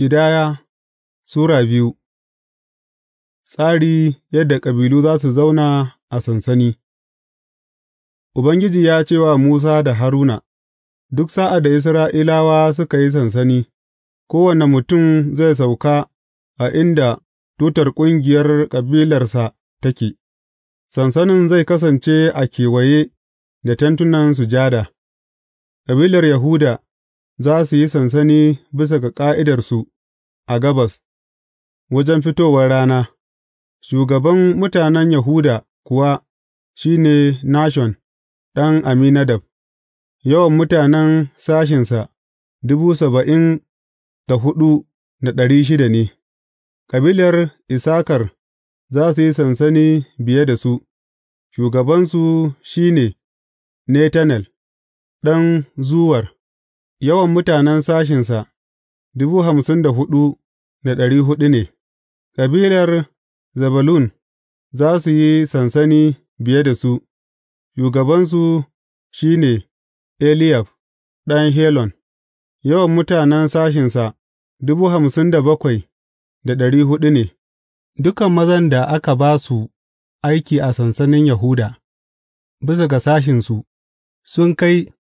Ƙidaya Sura biyu Tsari yadda ƙabilu za su zauna a sansani Ubangiji ya ce wa Musa da Haruna, Duk sa'ad da Isra'ilawa suka yi sansani, kowane mutum zai sauka a inda tutar ƙungiyar kabilarsa take, sansanin zai kasance a kewaye da tentunan sujada, kabilar Yahuda za su yi sansani bisa ga ƙa'idarsu a gabas, wajen fitowar rana, shugaban mutanen Yahuda kuwa shi ne Nashon ɗan Aminadab, yawan mutanen sashinsa dubu saba'in da hudu da ɗari shida ne, kabilar Isakar za su yi sansani biye da su, shugabansu shi ne Netanel ɗan Zuwar. Yawan mutanen sashensa dubu hamsin da hudu da ɗari hudu ne, kabilar Zebulun za su yi sansani biye da su, shugabansu shi ne Eliyab ɗan Helon, yawan mutanen sashensa dubu hamsin da bakwai da ɗari hudu ne, dukan mazan da aka ba su aiki a sansanin Yahuda, bisa ga sashensu, sun kai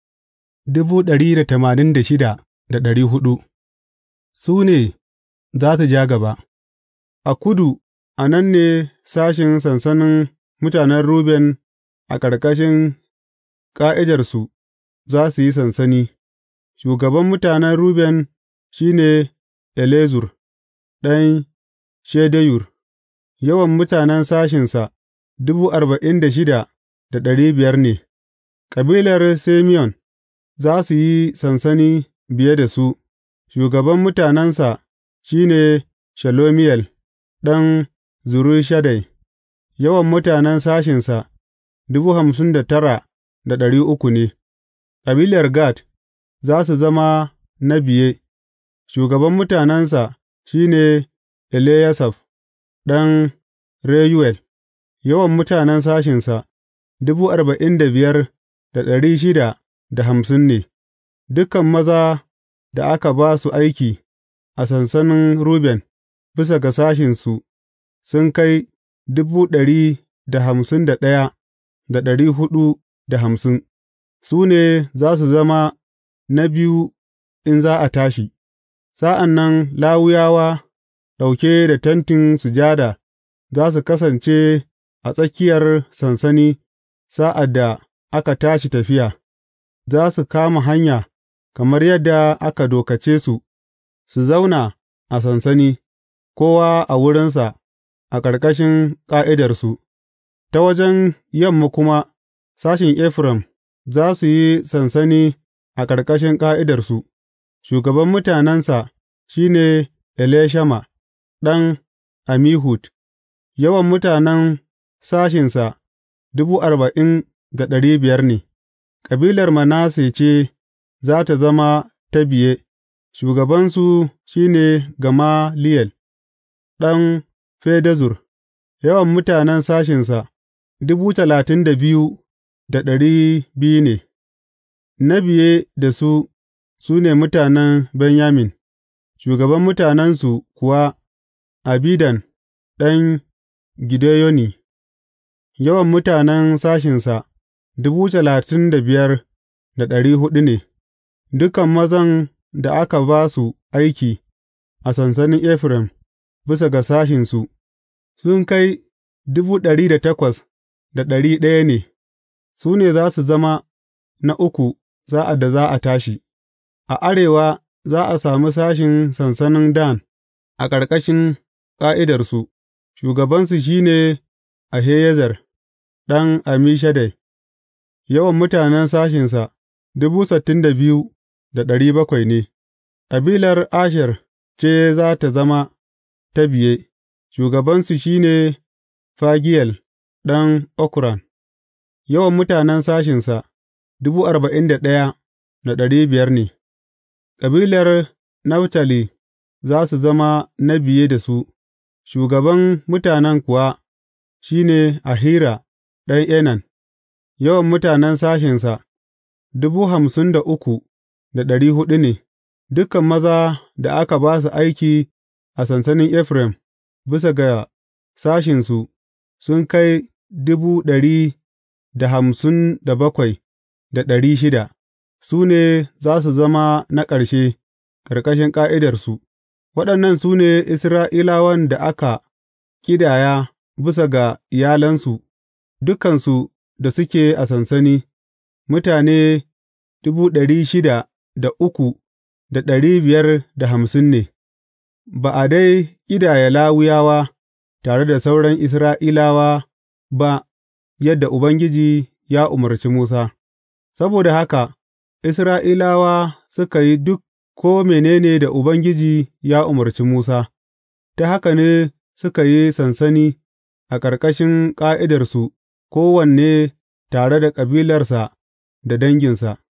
Su ne za su ja gaba A kudu, a nan ne sashen sansanin mutanen Ruben a ƙarƙashin ƙa'ijarsu za su yi sansani, shugaban mutanen Ruben shi ne Elezur ɗan Shedeyur, yawan mutanen sashinsa dubu arba'in da da shida ɗari biyar ne. Kabilar Simeon. za su yi sansani biye da su, shugaban mutanensa shi ne Shalomiyel ɗan Zurishadai, yawan mutanen sashensa dubu hamsin da tara da ɗari uku ne, ƙabilar Gad za su zama na biye, shugaban mutanensa shi ne Eliyasaf ɗan reyuel yawan mutanen sashensa dubu arba'in da biyar da ɗari shida da hamsin ne, dukan maza da aka ba su aiki a sansanin Ruben, bisa ga sashinsu, sun kai dubu ɗari da hamsin da ɗaya da ɗari hudu da hamsin, su ne za su zama na biyu in za a tashi, sa'an nan lawuyawa ɗauke da tentin sujada za su kasance a tsakiyar sansani sa'ad da aka tashi tafiya. za su kama hanya kamar yadda aka dokace su, su zauna a sansani, kowa a wurinsa a ƙarƙashin ƙa'idarsu, ta wajen yamma kuma sashin Efraim za su yi sansani a ƙarƙashin ƙa'idarsu, shugaban mutanensa shi ne Elishama ɗan Amihud, yawan mutanen sashinsa dubu arba'in da ɗari biyar ne. Kabilar Manasse ce za tă zama ta biye, shugabansu shi ne Gamaliyel ɗan Fedazur, yawan mutanen sashensa ne, na biye da su su ne mutanen Benyamin, shugaban mutanensu kuwa Abidan ɗan Gideyoni, yawan mutanen sashensa dubu talatin da biyar da ɗari huɗu ne, dukan mazan da aka ba su aiki a sansanin Efraim bisa ga sashensu, sun kai dubu ɗari da takwas da ɗari ɗaya ne, su ne za su zama na uku sa'ad da za a tashi, a arewa za a sami sashin sansanin Dan a ƙarƙashin ƙa'idarsu, shugabansu shi ne Ahiyezer ɗan Amishadai. Yawan mutanen sashensa ne, kabilar Asher ce za tă zama ta biye, shugabansu shi ne Fagiyel ɗan Okran; yawan mutanen sashensa ne, Ƙabilar Naftali za su zama na biye da su, shugaban mutanen kuwa shi ne Ahira ɗan Enan. Yawan mutanen sashensa dubu hamsin da uku da ɗari huɗu ne, dukan maza da aka ba su aiki a sansanin Efraim, bisa ga sashensu, sun kai dubu ɗari da hamsin da bakwai da ɗari shida, su ne za su zama na ƙarshe ƙarƙashin ƙa'idarsu, waɗannan su ne Isra'ilawan da aka ƙidaya bisa ga iyalansu, dukansu da suke a sansani, mutane dubu ɗari shida da uku da ɗari biyar da hamsin ne, ba a dai ƙidaya lawuyawa tare da sauran Isra'ilawa ba yadda Ubangiji ya umarci Musa, saboda haka Isra'ilawa suka yi duk ko menene da Ubangiji ya umarci Musa, ta haka ne suka yi sansani a ƙarƙashin ƙa'idarsu kowanne tare da kabilarsa da danginsa.